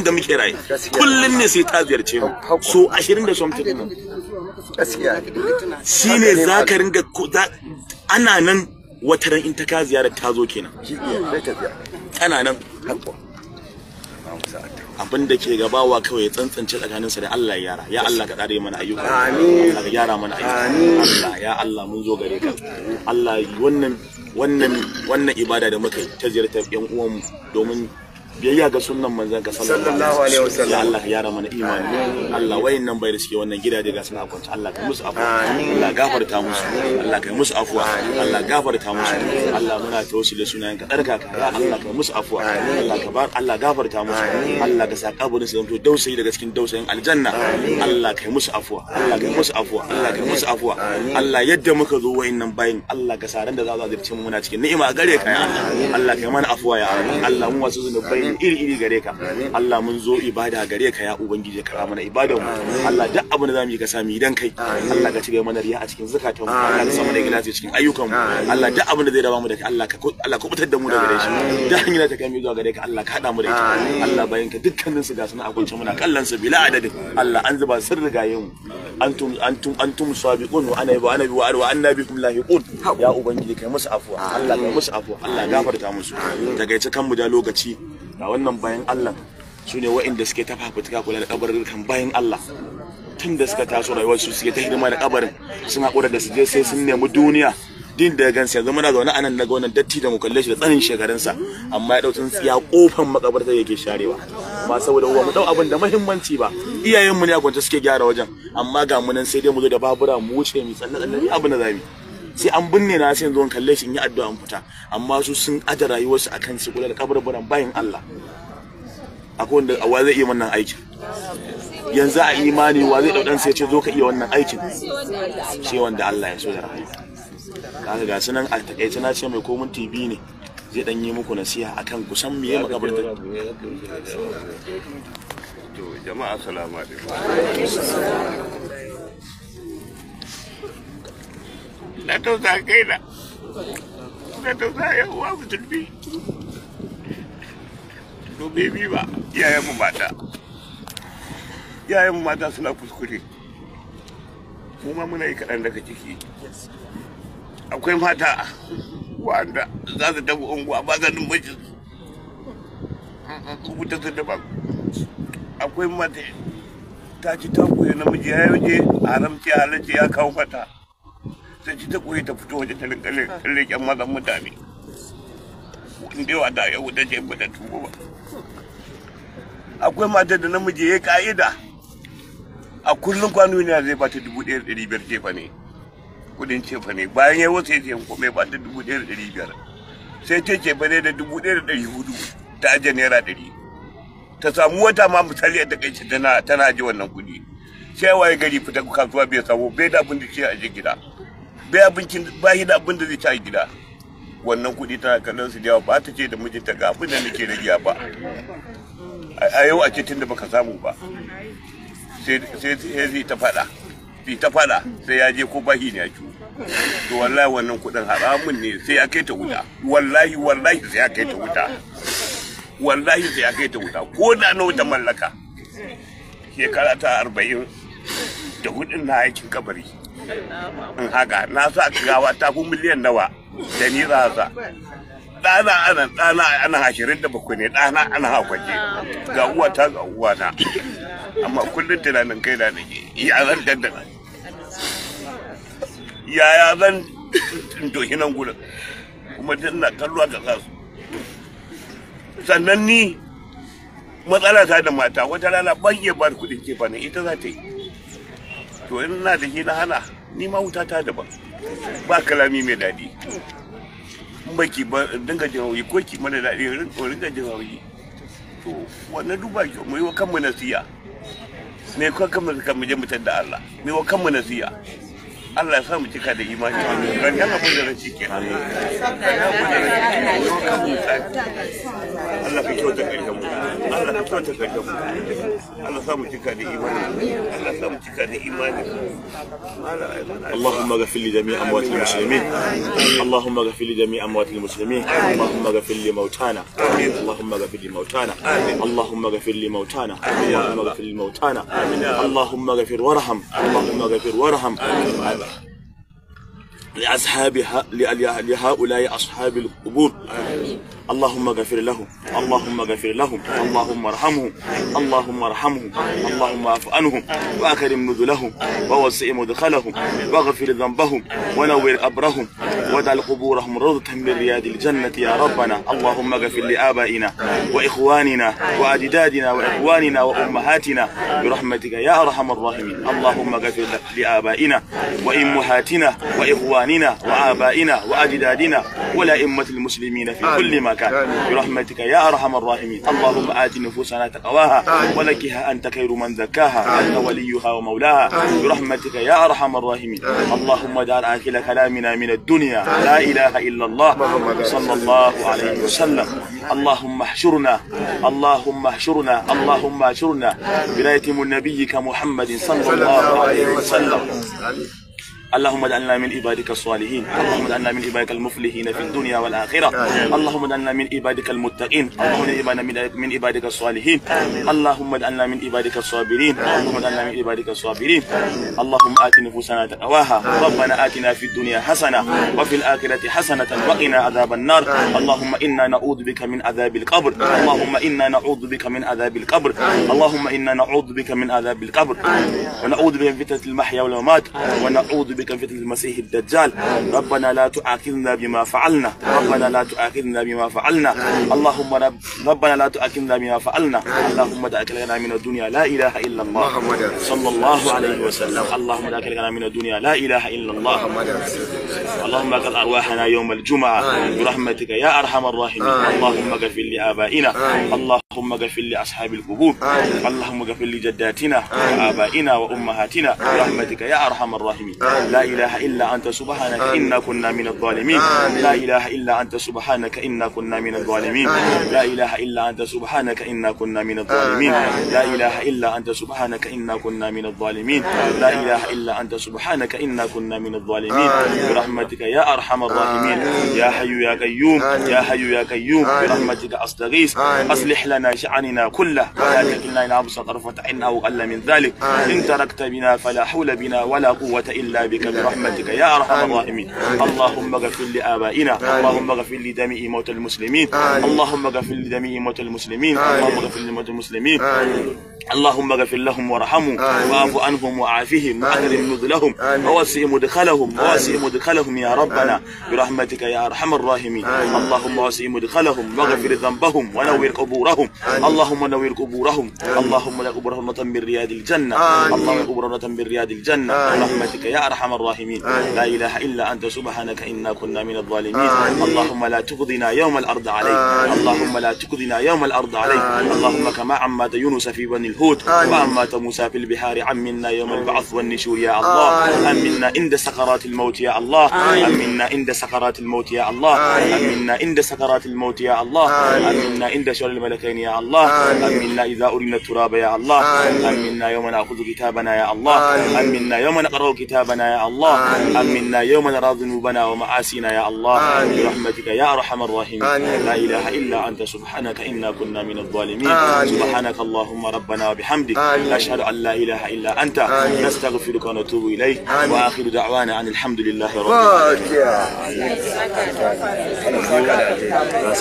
da muke rayu kullum ne sai ta ziyarce mu so 20 da something mu gaskiya shine zaka ringa ana nan wata ran in ta ka ziyarar ta zo kenan ana nan abin da ke gabawa kawai tsantsance tsakaninsa da Allah ya yara ya Allah ka kare mana ayyuka amin ka yara mana ayyuka Allah ya Allah mun zo gare ka Allah wannan wannan wannan ibada da muka yi ta ziyartar yan mu domin biyayya ga sunan manzon ka sallallahu alaihi wasallam ya Allah ya rama na imani Allah wayannan bai riske wannan gidaje ga suna kwance Allah kai musu afuwa Allah gafarta musu Allah kai musu afuwa Allah gafarta musu Allah muna da sunan ka darka ka ya Allah kai musu afuwa Allah ka bar Allah gafarta musu Allah ka sa kaburin su zanto dausayi daga cikin dausayin aljanna Allah kai musu afuwa Allah kai musu afuwa Allah kai musu afuwa Allah yadda muka zo wayannan bayin Allah ka saran da za a zirce mu muna cikin ni'ima gare ka ya Allah Allah kai mana afuwa ya Allah mu wasu zunubai iri iri gare ka Allah mun zo ibada gare ka ya ubangiji ka mana ibada mu Allah duk abin da zamu yi ka sami idan kai Allah ka cigaba mana riya a cikin zakatun mu Allah ka samu da gina cikin ayyukan mu Allah duk abin da zai raba mu da Allah ka Allah ka kubutar da mu daga shi duk hanyar ta kai mu zuwa gare ka Allah ka hada mu da ita Allah bayan ka dukkanin su ga suna akwance muna kallon su bila adadin Allah an zuba sun rigaye mu antum antum antum sabiqun wa ana wa ana wa wa annabikum lahiqun ya ubangiji kai musu afuwa Allah kai musu afuwa Allah gafarta musu takaice kan mu da lokaci ga wannan bayan Allah su ne wa'inda suke ta fafutuka kula da kabarin kan bayan Allah tun da suka taso rayuwar su suke ta hidima da kabarin sun haƙura da su je sai sun nemi duniya din da gansa yanzu muna zaune anan daga wannan datti da mu kalle shi da tsanin shekarunsa amma ya dau tsiya kofan makabarta yake sharewa ba saboda uwa mu dau abin da muhimmanci ba iyayen mu ne a gwanta suke gyara wajen amma ga mu nan sai dai mu zo da babura mu wuce mu tsalle tsalle abin da zamu sai an binne na sai zuwan kalle shi in yi addu'a an fita amma su sun aje rayuwarsu akan su kula da kabarbaran bayin Allah akwai wanda wa zai iya wannan aikin yanzu a imani wa zai 'dan sai ce zo ka iya wannan aikin sai wanda Allah ya so da rayuwa kaga ga sunan a takaice na ce mai komun TV ne zai dan yi muku nasiha akan kusan miye makabartar to jama'a assalamu alaikum na to tausa kai na na tausa yan uwa musulmi to bebi ba iyayen mu mata iyayen mu mata suna kuskure mu ma muna yi kaɗan daga ciki akwai mata wanda za su tafi unguwa ba za su mace su wuta su daban akwai mata ta ci ta koya namiji ya yauje haramci halarci ya kawo mata sai ci ta koyi ta fito waje ta rinka leƙen mazan mutane inda yawa da yau da ce ba da tubo ba akwai matar da namiji ya ka'ida a kullum kwano ne zai ba ta dubu ɗaya da ɗari biyar jefa ne kudin jefa ne bayan ya wasu ya ce mai ba ta dubu ɗaya da ɗari biyar sai ta cefa ne da dubu ɗaya da ɗari hudu ta ajiye naira ɗari ta samu wata ma misali ta takaice tana tana ji wannan kuɗi sai waye gari fita kasuwa bai samu bai da abin da ce a gida bai abincin ba shi da abin da zai ci a gida wannan kuɗi tana kallon su jawa ba ta ce da mijinta ga abin da nake giya ba a yau a ce tunda baka samu ba sai zai ta fada bi ta fada sai ya je ko bahi ne ya ci to wallahi wannan kuɗin haramun ne sai ya kai ta wuta wallahi wallahi sai ya kai ta wuta wallahi sai ya kai ta wuta ko da na ta mallaka shekara ta arba'in da hudun na aikin kabari in haka na sa gawa ta ku miliyan nawa da ni za sa dana ana dana ana ashirin da bakwai ne dana ana hakwaje ga uwa ta ga uwa na amma kullum tunanin kai da nake ya zan dandana yaya zan doshi nan gudun kuma tana na kallo ga kasu sannan ni matsala ta da mata wata rana ban iya ba kuɗin kefa ne ita za ta yi to in na da hila hana ni ma wuta ta daban ba kalami mai daɗi in baki ba dinga jin hauyi ko ki mana daɗi ringa jin hauyi to wannan duba ki mu yi wa kanmu nasiya me kanmu kan mu je mutar da Allah me wa kanmu nasiya Allah ya sa mu cika da imani ranar abin da na ci ke ranar abin da na ci ke ka mu tsari Allah ka kyauta karshen mu Allah ka kyauta karshen mu Allah sa mu cika da imani Allah sa mu cika da imani اللهم اغفر لجميع اموات المسلمين اللهم اغفر لجميع اموات المسلمين اللهم اغفر لموتانا اللهم اغفر لموتانا اللهم اغفر لموتانا اللهم اغفر لموتانا اللهم اغفر وارحم اللهم اغفر وارحم together. لأصحابها لهؤلاء أصحاب القبور اللهم اغفر لهم اللهم اغفر لهم اللهم ارحمهم اللهم ارحمهم اللهم اعف عنهم واكرم نزلهم ووسع مدخلهم واغفر ذنبهم ونور قبرهم ودع قبورهم روضة من رياض الجنة يا ربنا اللهم اغفر لآبائنا وإخواننا وأجدادنا وإخواننا وأمهاتنا برحمتك يا أرحم الراحمين اللهم اغفر لآبائنا وأمهاتنا وإخواننا إخواننا وآبائنا وأجدادنا ولأئمة المسلمين في كل مكان برحمتك يا أرحم الراحمين اللهم آت نفوسنا تقواها ولكها أنت خير من زكاها أنت وليها ومولاها برحمتك يا أرحم الراحمين اللهم دار آخر كلامنا من الدنيا لا إله إلا الله صلى الله عليه وسلم اللهم احشرنا اللهم احشرنا اللهم احشرنا بناية نبيك محمد صلى الله عليه وسلم اللهم اجعلنا من عبادك الصالحين اللهم اجعلنا من عبادك المفلحين في الدنيا والاخره اللهم اجعلنا من عبادك المتقين اللهم اجعلنا من عبادك الصالحين اللهم اجعلنا من عبادك الصابرين اللهم اجعلنا من عبادك الصابرين اللهم ات نفوسنا تقواها ربنا اتنا في الدنيا حسنه وفي الاخره حسنه وقنا عذاب النار اللهم انا نعوذ بك من عذاب القبر اللهم انا نعوذ بك من عذاب القبر اللهم انا نعوذ بك من عذاب القبر ونعوذ بك من فتنه المحيا والممات ونعوذ ربك في المسيح الدجال ربنا لا تؤاخذنا بما فعلنا ربنا لا تؤاخذنا بما فعلنا اللهم ربنا لا تؤاخذنا بما فعلنا اللهم دعك لنا من الدنيا لا إله إلا الله صلى الله عليه وسلم اللهم دعك لنا من الدنيا لا إله إلا الله اللهم اغفر أرواحنا يوم الجمعة برحمتك يا أرحم الراحمين اللهم اغفر لآبائنا اللهم اللهم اغفر لاصحاب القبور اللهم اغفر لجداتنا وابائنا وامهاتنا برحمتك يا ارحم الراحمين لا اله الا انت سبحانك انا كنا من الظالمين لا اله الا انت سبحانك انا كنا من الظالمين لا اله الا انت سبحانك انا كنا من الظالمين لا اله الا انت سبحانك انا كنا من الظالمين لا اله الا انت سبحانك انا كنا من الظالمين برحمتك يا ارحم الراحمين يا حي يا قيوم يا حي يا قيوم برحمتك استغيث اصلح لنا لنا شأننا كله ولا تكلنا إلى أبصى طرفة عين أو أقل من ذلك إن تركت بنا فلا حول بنا ولا قوة إلا بك برحمتك يا أرحم الراحمين اللهم اغفر لآبائنا اللهم اغفر لجميع موتى المسلمين اللهم اغفر لجميع موتى المسلمين اللهم اغفر لموتى المسلمين اللهم اغفر لهم وارحمهم واعف عنهم وعافهم واكرم نزلهم ووسع مدخلهم ووسع مدخلهم يا ربنا برحمتك يا ارحم الراحمين اللهم وسع مدخلهم واغفر ذنبهم ونور قبورهم اللهم نور قبورهم اللهم لا قبورهم من رياض الجنة اللهم قبور رحمة من رياض الجنة برحمتك يا ارحم الراحمين لا اله الا انت سبحانك انا كنا من الظالمين اللهم لا تقضنا يوم الارض عليك اللهم لا تقضنا يوم الارض عليك اللهم كما عمد يونس في بني الهود اللهم آه. موسى في البحار عمنا يوم البعث والنشور يا الله أمنا عند سكرات الموت يا الله أمنا عند سكرات الموت يا الله أمنا عند سكرات الموت يا الله أمنا عند شر الملكين يا الله أمنا إذا أرنا التراب يا الله أمنا يوم نأخذ كتابنا يا الله أمنا يوم نقرأ كتابنا يا الله أمنا يوم نرى ذنوبنا ومعاسينا يا الله برحمتك يا أرحم الراحمين لا إله إلا أنت سبحانك إنا كنا من الظالمين سبحانك اللهم ربنا سبحانك وبحمدك نشهد أن لا إله إلا أنت نستغفرك ونتوب إليك وآخر دعوانا أن الحمد لله رب العالمين